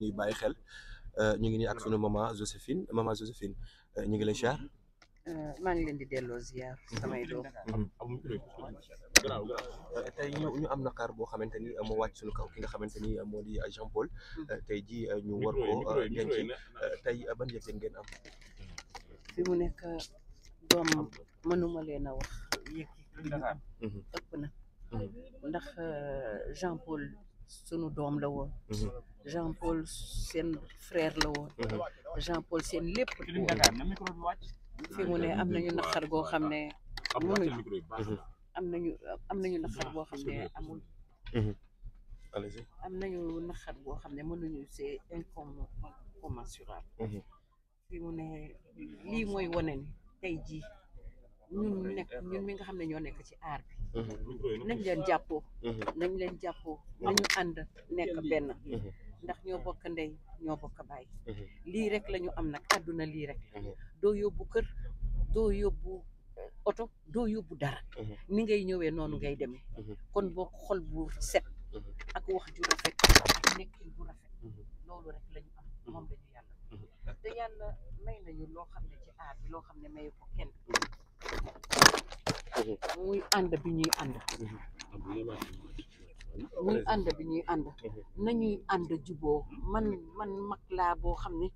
ñuy bàyyi xel euh, ñu ngi nii ak sunu maman Joséphine maman Joséphine euh, ñu ngi lay ziar. Euh, maa ngi leen di delloo ziar mhm. samay doom. Mhm. tey ñu ñu am naqar boo xamante ni moo wàcc suñu kaw ki nga xamante ni moo di Jean Paul mhm. tey ji ñu war ko denc tey ban yëg fi mu nekk doom mënuma leen a wax yëg ëpp na ndax Jean Paul sunu doom la woon. Jean Paul seen frère la woon. Mhm. Jean Paul seen lépp. fi mu ne am nañu naqar goo xam ne. am nañu am nañu naqar boo xam ne amul. Mhm. am nañu naqar boo xam ne mënuñu c'est incommensurable. Mhm. fi mu ne lii mooy wane ni tey jii nekk ñun nga xam ne ñoo nekk ci aar bi. nañ leen jàppoo. nañ leen jàppoo nañu ànd nekk benn. ndax ñoo bokk ndey ñoo bokk baay mhm. lii rek lañu am nag àdduna lii rek mhm. doo yóbbu kër doo yóbbu eh, oto doo yóbbu dara mhm. ni ngay ñëwee noonu ngay demee kon boo xol bu set ak wax ju rafet nekkin bu rafet loolu rek la am moom la ñu yàlla te yàlla may nañu loo xam ne ci aar bi loo xam ne mayu ko kenn muy ànd bi ñuy ànd ñuy ànd bi ñuy ànd mhm. nañuy ànd juboo man man mag laa boo xam ne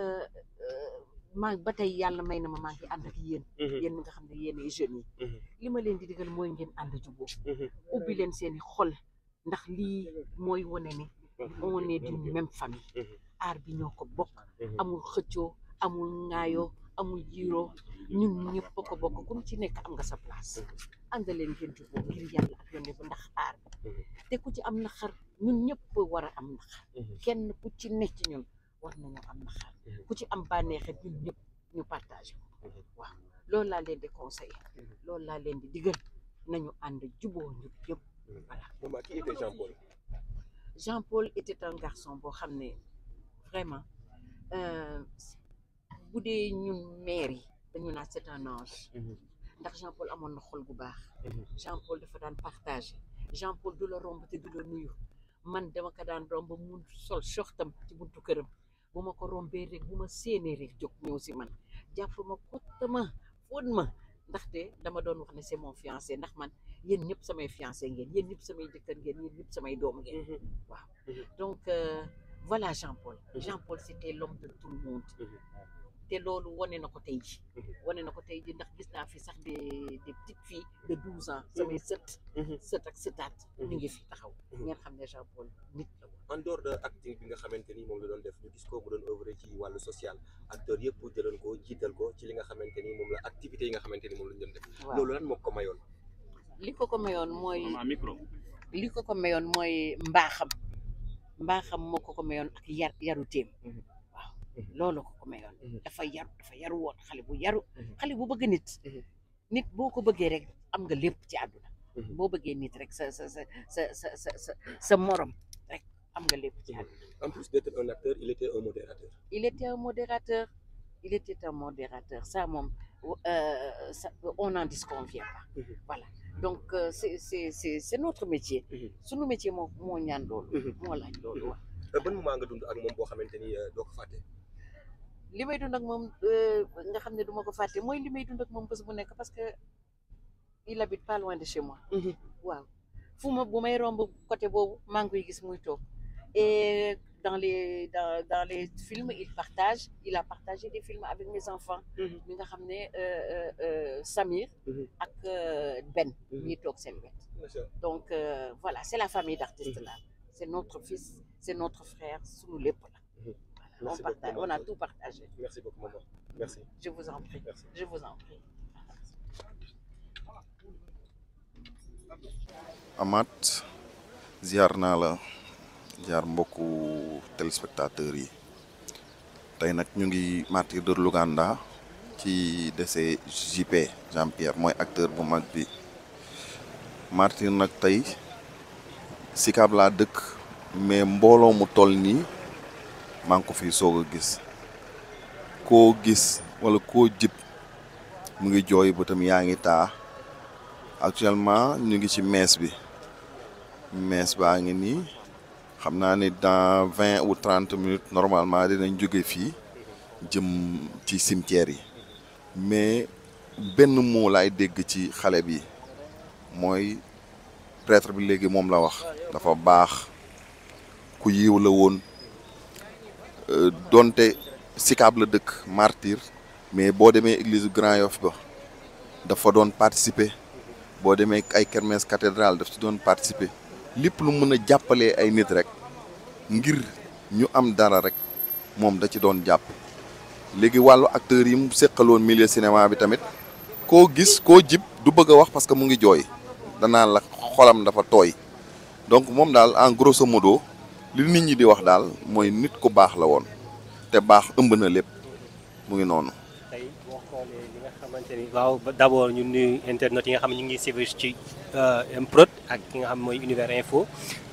euh, euh, maa ba tey yàlla may na ma maa ngi ànd ak yéen mhm. yéen mi nga xam ne yéenay jeunes yi mhm. li ma leen di digal mooy ngeen ànd juboo ubbi leen seeni xol ndax lii mooy wone ni on est d'une même famille aar bi ñoo ko bokk amul xëccoo amul ŋaayoo amul jiiroo ñu ñëpp ko bokk ku ci nekk am nga sa place àndaleen ngeen juboo ngir yàlla ak yonne bu ndax aar te ku ci am na xar ñun ñëpp war a am naxar mhm. kenn ku ci ne ci ñun war nañoo am naxar mhm. ku ci am bànneexit ñun ñëpp ñu partagé ko mhm. waaw loolu laa leen di conseillé loolu laa leen di digal nañu ànd juboo ñun yëpp voilà maman Jean Paul était un garçon boo xam ne vraiment euh, bu dee ñun maire yi dañu naan c'est un ange ndax Jean Paul amoon na xol bu baax Jean Paul dafa daan partagé Jean Paul du la romb te du la nuyu man dama ko daan romb mun sol soxtam ci buntu këram bu ma ko rombee rek bu ma séenee rek jóg ñëw si man jàpp ma kotta ma fóot ma ndaxte dama doon wax ne c'est mon fiancé ndax man yéen ñëpp samay fiancé ngeen yéen ñëpp samay jëkkër ngeen yéen ñëpp samay doom ngeen mhm. waaw mhm. donc euh, voilà Jean Paul mhm. Jean Paul c'était l'homme de tout le monde te loolu wane na ko tey ji mhm. wane na ko tey ji ndax gis naa fi sax des des petites filles de douze ans mhm. samay sët mhm. sët ak sëtaat ñu ngi fi taxaw ngeen xam ne Jean Paul nit la en dehors de acting bi nga xamante ni moom la doon def ñu gis ko doon œuvre ci wàllu social acteur yëpp jëloon ko jiital ko ci li nga xamante ni moom la activité yi nga xamante ni moom la ñu doon def loolu lan moo ko mayoon li ko ko mayoon mooy micro li ko ko mayoon mooy mbaaxam mbaaxam moo ko ko mayoon ak yar yaru loolu ko ko mayoon dafa yaru yaru woon xale bu yaru xale bu bëgg nit nit boo ko bëggee rek am nga lépp ci àdduna boo bëggee nit rek sa sa sa sa sa sa sa morom rek am nga lépp ci àdduna en plus d'être un acteur il était un modérateur il était un modérateur il était moom euh, ça on n'en disconvient pas voilà donc euh, c'est c'est c'est c'est notre métier suñu métier moo moo ñaan loolu moo laaj loolu wax ban moment nga dund ak moom boo xamante ni euh, doo ko fàtte li may dund ak moom euh, nga xam ne du ma ko fàtte mooy li may dund ak moom bés bu nekk parce que il habite pas loin de chez moi. Mhm. waaw fu ma bu may romb côté boobu maa ngi koy gis muy toog et dans les dans dans les films il partage il a partagé des films avec mes enfants. Mhm. mi nga xam ne euh, euh, Samir. Mhm. ak Ben. ñuy toog seen wet. donc euh, voilà c'est la famille d'artistes là c'est notre fils c'est notre frère sunu lépp. Merci on, partage, on a tout partagé. Merci beaucoup, maman. Merci. Je vous ziar naa la ziar mbokku téléspectateurs yi tey nag ñu ngi martyrs de l'Ouganda ci décès JP Jean Pierre mooy acteur bu mag bi martyr nag tey ci Sicap laa dëkk mais mbooloo mu toll nii maa ngi ko fi soog a gis koo gis wala koo jib mu ngi jooy ba tam yaa ngi taa actuellement ñu ngi ci mees bi mees baa ngi nii xam naa ni dans vingt ou trente minutes normalement dinañ jóge fii jëm ci cimetière yi mais benn moo laay dégg ci xale bi mooy prêtre bi léegi moom la wax dafa baax ku yiw la woon Euh, donte Sicap la dëkk martir mais boo demee église Grand Yoff ba dafa doon participer boo demee ay kermesse cathédrale daf ci doon participer lépp lu mën a jàppalee ay nit rek ngir ñu am dara rek moom da ci doon jàpp léegi wàllu acteurs yi mu seqaloon milieu cinéma bi tamit koo gis koo jib du bëgg a wax parce que mu ngi jooy danaa la xolam dafa tooy donc moom daal en grosso lu nit ñi di wax daal mooy nit ku baax la woon te baax ëmb na lépp mu ngi noonu. tey boo xoolee xamante ni waaw d'abord ñu nuyu internet yi nga xam ne ñu ngi suivre ci euh, Mprod ak ki nga xam mooy Univers Info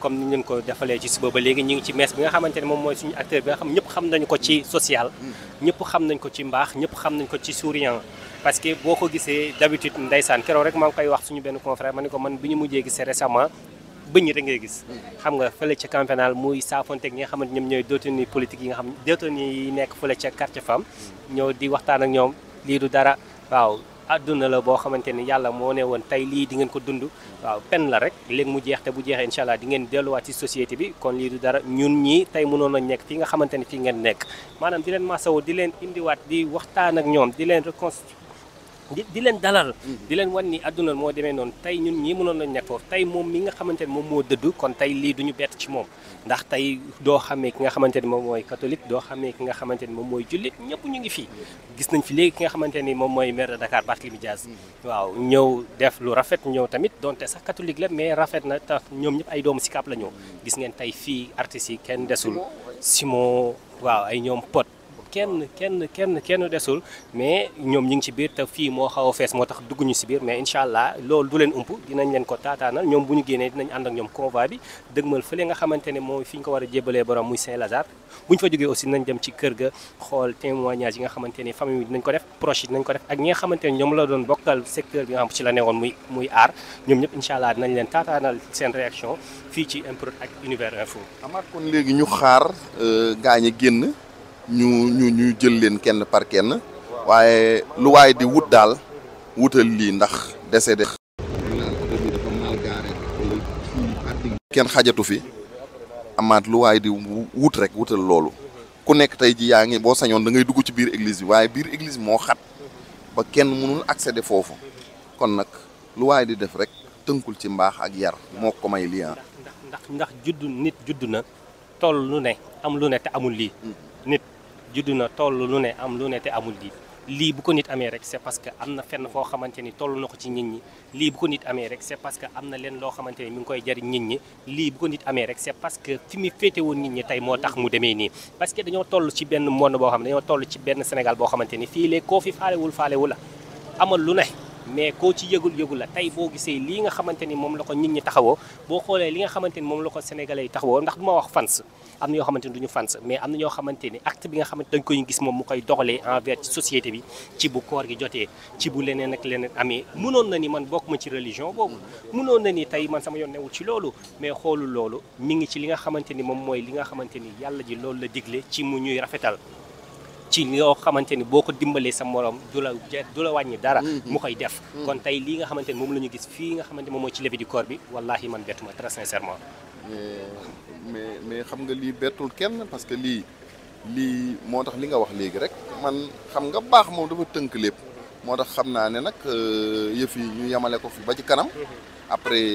comme ni ñu ko defalee ci suba ba léegi ñu ngi ci messe bi nga xamante ne moom mooy suñu acteur bi nga xam ñëpp xam nañu ko ci social. Mm. ñëpp xam nañ ko ci mbaax ñëpp xam nañ ko ci souriant. parce que boo ko gisee d'habitude ndeysaan keroog rek maa ngi koy wax suñu benn confrère ma ne ko man bi ñu mujjee gisee récemment bëñ rek ngay gis xam nga fële ca camp pénal muy saafonteeg ñi nga xamante ñoom ñooy détenu politique yi nga xam détenu yi nekk fële ca quartier femme ñoo di waxtaan ak ñoom lii du dara waaw adduna la boo xamante ni yàlla moo ne woon tey lii di ngeen ko dund waaw pen la rek léegi mu jeex te bu jeexee incha allah di ngeen ci société bi kon lii du dara ñun ñii tey mënoon a nekk fi nga xamante ni fii ngeen nekk maanaam di leen masawu di leen indiwaat di waxtaan ak ñoom di leen reconstruire di leen dalal mm-hmm. di leen wan ni adduna moo demee noonu tey ñun ñii mënoon nañ nekk foofu tey moom mi nga xamante ne moom moo dëdd kon tey lii duñu bett ci moom ndax tey doo xamee ki nga xamante ni moom mooy catholique doo xamee ki nga xamante ni moom mooy jullit ñëpp ñu ngi fii gis nañ fi léegi ki nga xamante ni moom mooy maire de Dakar Barthélémy Dias mm-hmm. waaw ñëw def lu rafet ñëw tamit donte sax catholique la mais rafet na tax ñoom ñëpp ay doomu Sicap la ñëw mm-hmm. gis ngeen tey fii artistes yi kenn desul Simon waaw ay ñoom pot kenn kenn kenn kenn desul mais ñoom ñu ngi ci biir te fii moo xaw a fees moo tax dugg ñu si biir mais incha allah loolu du leen ump dinañ leen ko taataanal ñoom bu ñu génnee dinañ ànd ak ñoom convoi bi dëgmal fële nga ne mooy fi ñu ko war a jébalee borom muy Saint-Lazare bu ñu fa jógee aussi nañ dem ci kër ga xool témoignage yi nga xamante ne famille bi dinañ ko def proche yi dinañ ko def ak ñi nga xamante ne ñoom la doon bokkal secteur bi nga xam ci la newoon muy muy aar ñoom ñëpp incha allah dinañ leen taataanal seen réaction fii ci Improd ak Univers Info amaat kon léegi ñu xaar euh, gaañe génn ñu ñu ñu jël leen kenn par kenn waaye lu waaye di wut daal wutal lii ndax décédé kenn xajatu fi amaat lu waaye di wut rek wutal loolu ku nekk tey ji yaa ngi boo sañoon da ngay dugg ci biir église bi waaye biir église moo xat ba kenn mënul accéder foofu kon nag lu waaye di def rek tënkul ci mbaax ak yar moo ko may ah. ndax ndax judd nit judd na toll lu ne am lu ne te amul lii mm-hmm. nit judd na toll lu ne am lu ne te amul lii lii bu ko nit amee rek c'est parce que am na fenn foo xamante ni toll na ko ci nit ñi lii bu amee rek parce que am na leen loo xamante ni mi ngi koy jariñ nit ñi lii bu ko nit amee rek c'est parce que fi mu féete woon nit ñi tey moo tax mu demee nii parce que dañoo toll ci benn monde boo xam ne dañoo toll ci benn Sénégal boo xamante ni fii léegi koo fi faalewul faalewu la amal lu ne mais koo ci yëgul yëgul la tey boo gisee lii nga xamante ni moom la ko nit ñi taxawoo boo xoolee li nga xamante ni moom la ko sénégalais yi taxawoo ndax du wax fans am na ñoo xamante ni du ñu fans mais am na ñoo xamante ni acte bi nga xamante dañ koy gis moom mu koy doxalee envers ci société bi ci bu koor gi jotee ci bu leneen ak leneen amee mënoon na ni man bokk ma ci religion boobu mënoon na ni tey man sama yoon ci loolu mais xoolul loolu mi ngi ci li nga xamante ni moom mooy li nga xamante ni yàlla ji loolu la digle ci mu ñuy rafetal ci loo xamante ni boo ko dimbalee sa morom du la du la wàññi dara mm-hmm. mu koy def mm-hmm. kon tey lii nga xamante ni moom la ñu gis fii nga xamante moom mooy ci levée du corps bi wallahi man bettuma très sincèrement mais mais mais xam nga lii bettul kenn parce que lii lii moo tax li nga wax léegi rek man xam nga baax moom dafa tënk lépp moo tax xam naa ne nag euh, yëf yi ñu yemale ko fi ba ci kanam après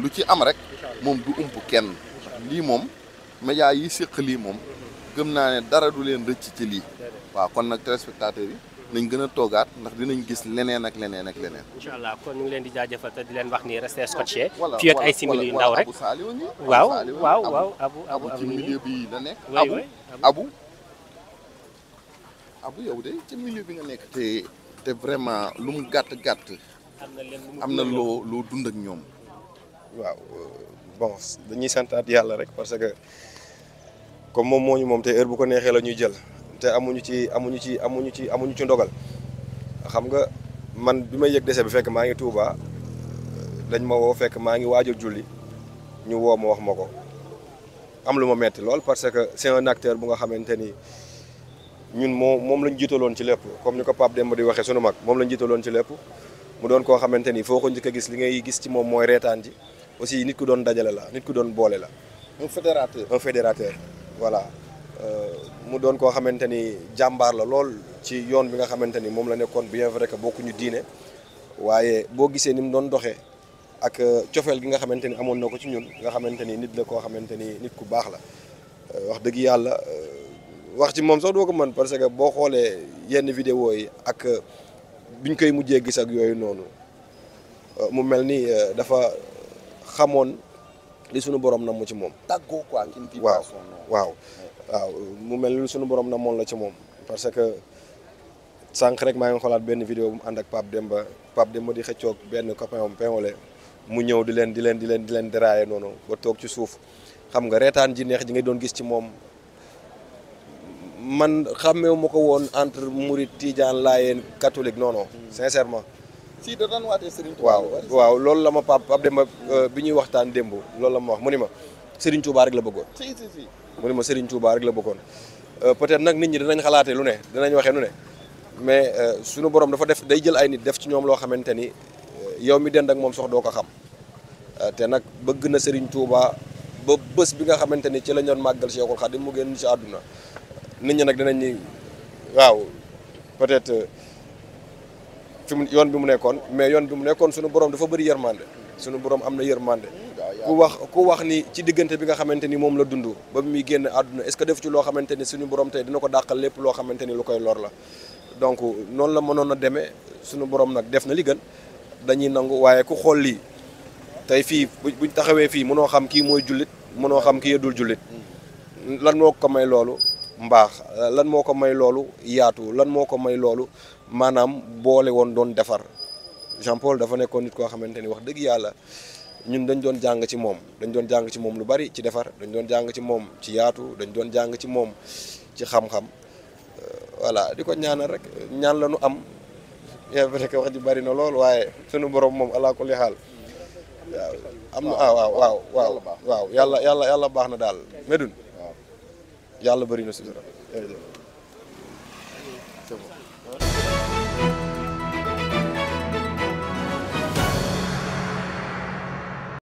lu ci am rek moom du ump kenn lii moom médias yi séq lii moom gëm naa ne dara du leen rëcc ci lii waaw kon nag téléspectateurs yi nañ gën a toogaat ndax dinañ gis leneen ak leneen ak leneen. incha allah kon ñu ngi leen di jaajëfal te di leen ni resté scotché. ay simili yu ndaw rek waaw waaw waaw abu abu abu ci bi la nekk. abu abu abu bi nga nekk. te vraiment lu mu gàtt gàtt. am na loo loo dund ak ñoom. waaw euh, bon dañuy yàlla rek parce que comme moom moo ñu moom te heure bu ko neexee la ñuy jël. te amuñu ci amuñu ci amuñu ci amuñu ci ndogal xam nga man bi ma yëg décès bi fekk maa ngi Touba dañ ma woo fekk maa ngi waajal julli ñu woo ma wax ma ko am lu ma metti lool parce que c'est un acteur bu nga xamante ni ñun moo moom lañ jiitaloon ci lépp comme ni ko Pape Demba di waxee sunu mag moom lañ jiitaloon ci lépp mu doon koo xamante ni foo ko njëkk a gis li ngay gis ci moom mooy reetaan ji aussi nit ku doon dajale la nit ku doon boole la. un fédérateur un fédérateur voilà. Euh, mu doon koo xamante ni jàmbaar la lool ci yoon bi nga xamante ni moom la nekkoon bien vrai que bokkuñu diine waaye boo gisee ni mu doon doxee ak euh, cofeel gi nga xamante ni amoon na ko ci ñun nga xamante ni nit la koo xamante ni nit ku baax la euh, wax dëgg yàlla wax ci moom sax doo ko mën parce que boo xoolee yenn vidéo yi ak biñ koy mujjee gis ak yooyu noonu mu mel ni dafa xamoon li sunu boroom na mu ci moom. tàggoo quoi qui ne dit waaw waaw mu mel ni sunu borom na moom la ci moom parce que sànq rek maa ngi xoolaat benn vidéo bu mu ànd ak dem ba Demba dem Demba di xëccoog benn copain am Pengole mu ñëw di leen di leen di leen di leen dérailler noonu ba toog ci suuf xam nga reetaan ji neex ji nga doon gis ci moom. man xàmmeewu ma ko woon entre Mouride Tidiane Laayeen catholique non non mm. sincèrement si da waaw waaw loolu la ma Pape Pape Demba euh, bi ñuy waxtaan démb loolu la ma wax mu ni ma Serigne Touba rek la bëggoon. si si si mu la bëggoon euh, peut-être nag nit ñi danañ xalaatee lu ne dinañ waxee lu ne mais euh, sunu borom dafa def day jël ay nit def ci ñoom loo xamante ni yow mi dend ak moom sox doo ko xam te nag bëgg na Serigne Touba ba bës bi nga xamante ni ci la ñoon màggal Cheikhul Khadim mu génn ci àdduna nit ñi nag danañ ni waaw peut su mu yoon bi mu nekkoon mais yoon bi mu nekkoon suñu borom dafa bëri yërmande sunu borom am na yërmande ku wax ku wax ni ci diggante bi nga xamante ni moom la dund ba muy génn àdduna est-ce def ci loo xamante ni suñu borom tey dina ko dàqal lépp loo xamante ni lu koy lor la donc noonu la mënoon a demee suñu boroom nag def na li gën dañuy nangu waaye ku xool lii tey fii buñ taxawee fii mënoo xam kii mooy jullit mënoo xam kii yëdul jullit lan moo ko may loolu mbaax lan moo ko may loolu yaatu lan moo ko may loolu maanaam boole woon doon defar Jean Paul dafa nekkoon nit koo xamante ni wax dëgg yàlla ñun dañ doon jàng ci moom dañ doon jàng ci moom lu bari ci defar dañ doon jàng ci moom ci yaatu dañ doon jàng ci moom ci xam-xam euh, voilà di ko ñaanal rek ñaan la ñu am vrai que wax ji bari na lool waaye sunu borom moom alaa kulli xaal ah, waaw yàlla yàlla yàlla baax na daal medun yàlla bëri na sutura